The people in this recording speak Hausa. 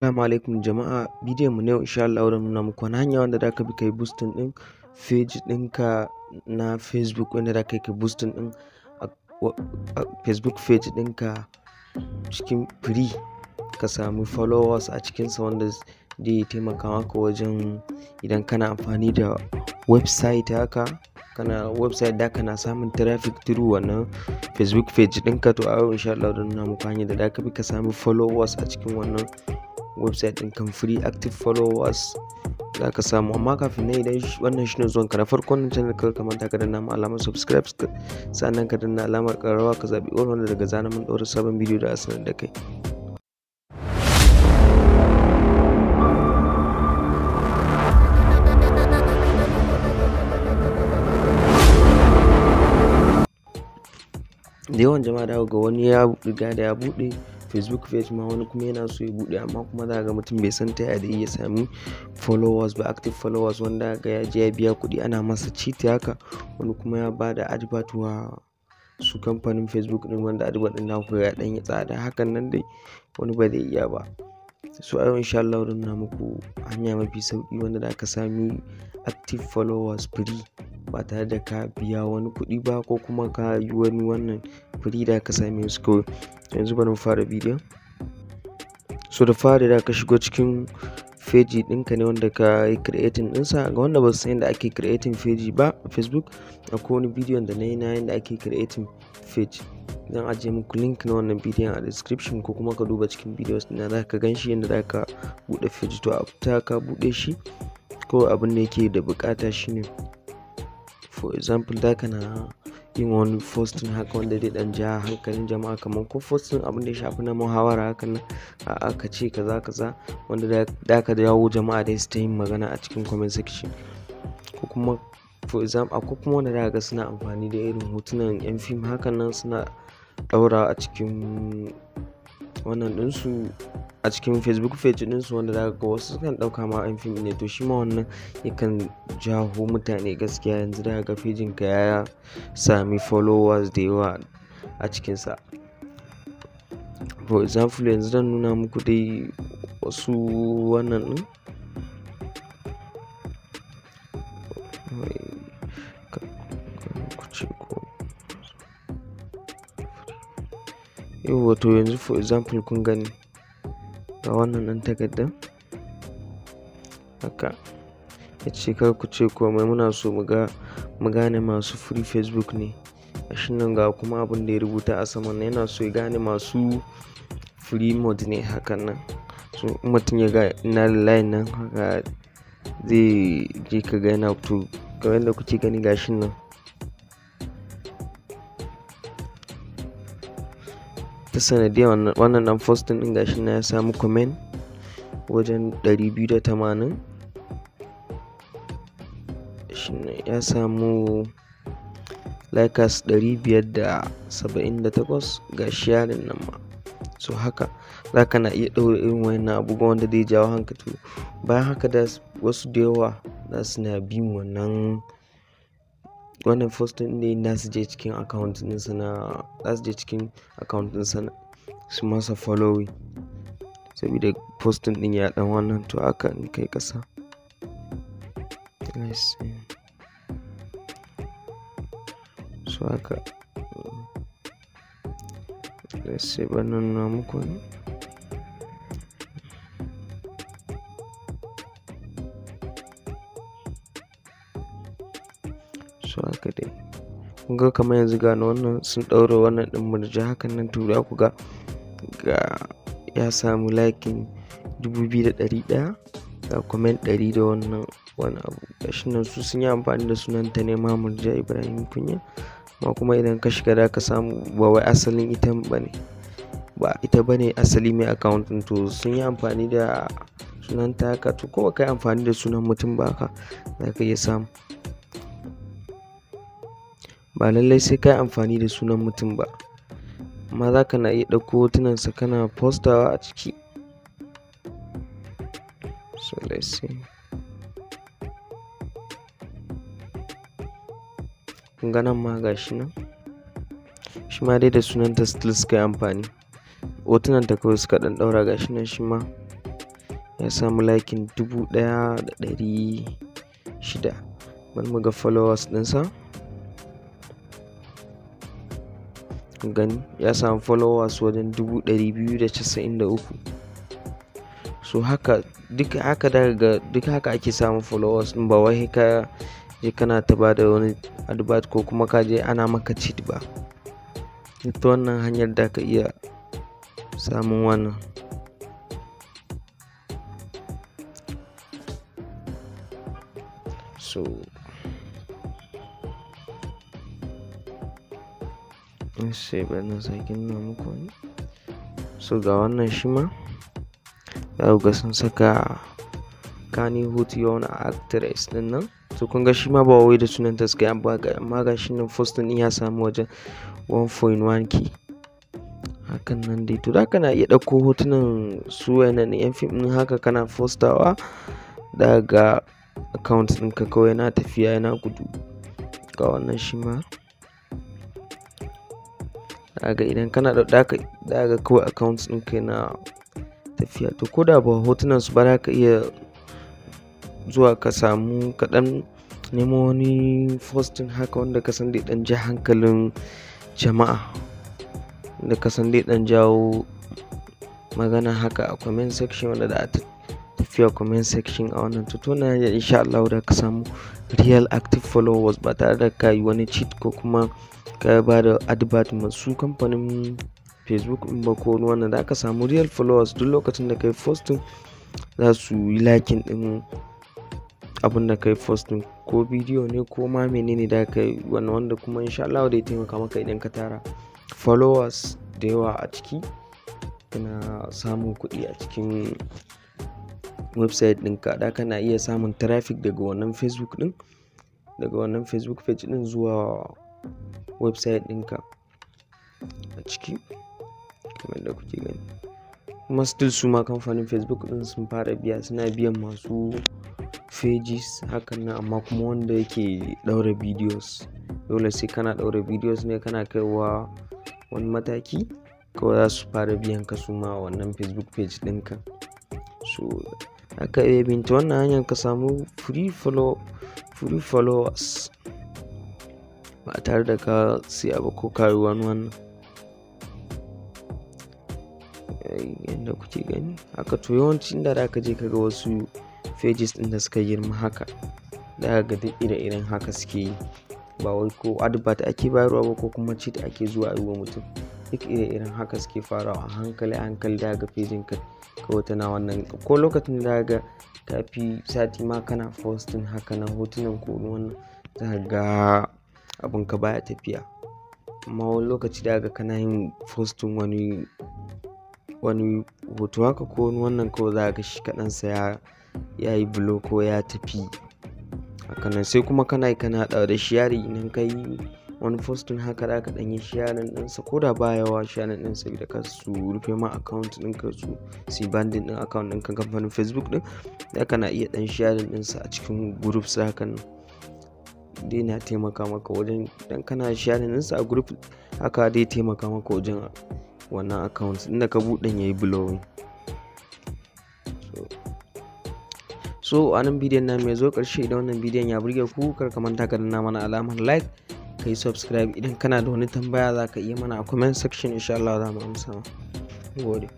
Assalamu alaikum jama'a bidiyon mu na yau insha Allah zan nuna muku wani hanya wanda ka bi kai boosting din page ɗinka na Facebook wanda zaka kai boosting din Facebook page ɗinka cikin free ka samu followers a cikinsa wanda zai taimaka maka wajen idan kana amfani da website haka kana website da kana samun traffic through wannan Facebook page ɗinka to a yau insha Allah zan nuna muku hanyar da ka bi ka samu followers a cikin wannan website din kan free active followers za ka samu amma kafin na idan wannan shine zuwan ka na farko na channel ka kamar ka danna na alamar subscribe sannan ka danna alamar karawa ka zabi wani wanda daga zana mun ɗaura sabon bidiyo da asanar da kai da yawan jama'a da ga wani ya riga da ya buɗe facebook page ma wani kuma yana so ya bude amma kuma za ga mutum bai san ta yaya da ya sami followers ba active followers wanda ga ya je ya biya kudi ana masa cheat haka wani kuma ya bada advert wa su kamfanin facebook din wanda advert din naku ya dan yi tsada hakan nan dai wani ba zai iya ba su a yau insha Allah na muku hanya mafi sauki wanda da aka sami active followers free ba tare da ka biya wani kuɗi ba ko kuma ka yi wani wannan kuɗi da ka same su kawai yanzu bari mu fara bidiyon so da fari da ka shigo cikin feji ɗinka ne wanda ka yi creating ɗinsa ga wanda ba su san yadda ake creating feji ba a facebook akwai wani bidiyon da na yi na yadda ake creating feji zan ajiye muku link na wannan bidiyon a description ko kuma ka duba cikin bidiyon na za ka gan shi yadda za ka buɗe feji to a ka buɗe shi ko abin da yake da bukata shine for example da kana yin wani posting haka wanda zai dan ja hankalin jama'a kamar ko posting abin da ya shafi na muhawara haka nan aka ce kaza kaza wanda da ka jawo jama'a dai su ta yin magana a cikin comment section ko kuma for example akwai kuma wanda da ga suna amfani da irin hotunan yan fim hakan nan suna daura a cikin wannan ɗinsu a cikin facebook page ɗinsu wanda daga ga wasu sukan ɗauka ma an fim ne to shi ma wannan yakan jaho mutane gaskiya yanzu daga ga ka ya sami followers da yawa a cikinsa for example yanzu zan nuna muku dai wasu wannan ɗin ko yauwa to yanzu for example kun gani ga wannan ɗan takardar haka ya ce kar ku ce komai muna so mu gane masu free facebook ne shi nan ga kuma abin da ya rubuta a saman na yana so ya gane masu free mode ne hakan nan so mutum ya ga ina da line nan haka zai je ka gane to kamar ku kuke gani gashin nan ta sanadiyar wannan dan fostin din gashi na ya samu comment wajen 280 ya samu likas 578 ga sharing nan ma so haka za ka na iya ɗaure irin wannan abubuwan wanda zai jawo hankali bayan haka da wasu da yawa za su na bin wannan wannan posting ne na su je cikin account ɗinsa na za su je cikin account na su masa following saboda posting din ya dan wannan to aka in kai kasa so aka let's see banana muku ne su haka dai ga kamar yanzu gano wannan sun ɗaura wannan ɗin murji hakan nan tura ku ga ga ya samu laikin 2100 da ga comment 100 da wannan wani abu gashi nan su sun yi amfani da sunan ta ne murja ibrahim kunya ma kuma idan ka shiga da ka samu ba wai asalin ita ba ne ba ita ba ne asali mai akawuntun to sun yi amfani da sunan ta haka to kuma ka yi amfani da sunan mutum ba haka za ka iya samu ba lallai sai ka yi amfani da sunan mutum ba amma za ka na iya ɗauko hotunansa kana postawa a ciki so let's see ma ga shi nan shi ma dai da sunanta still suka yi amfani hotunan ta kawai suka ɗan ɗaura shi nan shi ma ya samu laikin dubu ɗaya da ɗari shida bari mu ga followers ɗinsa gani ya samu followers wajen 293 so haka duka haka daga duka haka ake samun followers ba wai ka je kana ta ba da wani advert ko kuma ka je ana maka cheat ba ta wannan hanyar da ka iya samun wannan so sai bari na sake nuna muku wani so ga wannan shi ma za sun saka kani hutu yawan actress din nan to kun ga shi ma ba wai da sunan ta suka yi amma ga shi nan first din ya samu wajen 1.1k hakan nan dai to da na iya ɗauko hotunan su wayannan yan fim ɗin haka kana fostawa daga account ɗinka kawai na tafiya na gudu ga wannan shi daga idan kana da da daga kawai account din kai na tafiya to ko da ba hotunan su ba za ka iya zuwa ka samu kaɗan nemo wani fostin haka wanda ka san dai dan ji hankalin jama'a da ka san dai dan jawo magana haka a comment section wanda da tafiya comment section a wannan na ya insha Allah da ka samu real active followers ba tare da ka yi wani cheat ko kuma ka ba da advert masu kamfanin facebook in ba ko wannan da aka samu real followers duk lokacin da kai posting za su yi liking din abin da kai fostin ko bidiyo ne ko ma menene da ka yi wani wanda kuma insha Allah da ya taimaka maka idan ka tara followers da yawa a ciki kana samun kuɗi a cikin website ɗinka da kana iya samun traffic daga wannan facebook ɗin daga wannan facebook page ɗin zuwa website ɗinka a ciki kamar da kuke gani kuma still su ma kamfanin facebook ɗin sun fara biya suna biyan masu pages hakan nan amma kuma wanda yake ɗaura videos dole sai kana ɗaura videos ne kana kaiwa wani mataki kawai za su fara biyan ka su ma wannan facebook page ɗinka so aka iya binta wannan hanyar ka samu free followers ba tare da ka siya ba ko kayi wani wannan yadda kuke gani haka to yawanci inda da aka je kaga wasu pages ɗin da suka girma haka da ga duk ire-iren haka suke yi ba wai ko advert ake bayarwa ba ko kuma cheat ake zuwa a yi wa mutum duk ire-iren haka suke farawa a hankali a hankali da ga fejin ka wata na wannan ko lokacin da ga fi sati ma kana posting haka na hotunan ko wannan za ga abin ka baya tafiya amma wani lokaci da ga kana yin posting wani wani hoto haka ko wani wannan ko za ka shi kaɗansa ya ya yi bulo ko ya tafi hakanan sai kuma kana kana da shi yari idan ka yi wani postin haka da aka ɗanyi sharing ɗinsa ko da baya wa sharing ɗinsa da ka su rufe ma account ɗinka su si banding ɗin account ɗinka kamfanin facebook ɗin da kana iya ɗan sharing ɗinsa a cikin group sa hakan dai na taimaka maka wajen dan kana sharing ɗinsa a group haka dai taimaka maka wajen wannan account inda ka buɗe yayi blowing so a nan bidiyon na mai zo karshe idan wannan bidiyon ya burge ku kar ka manta ka danna mana alamar like ka yi subscribe idan kana da wani tambaya za ka iya mana a comment section insha Allah za mu amsa gode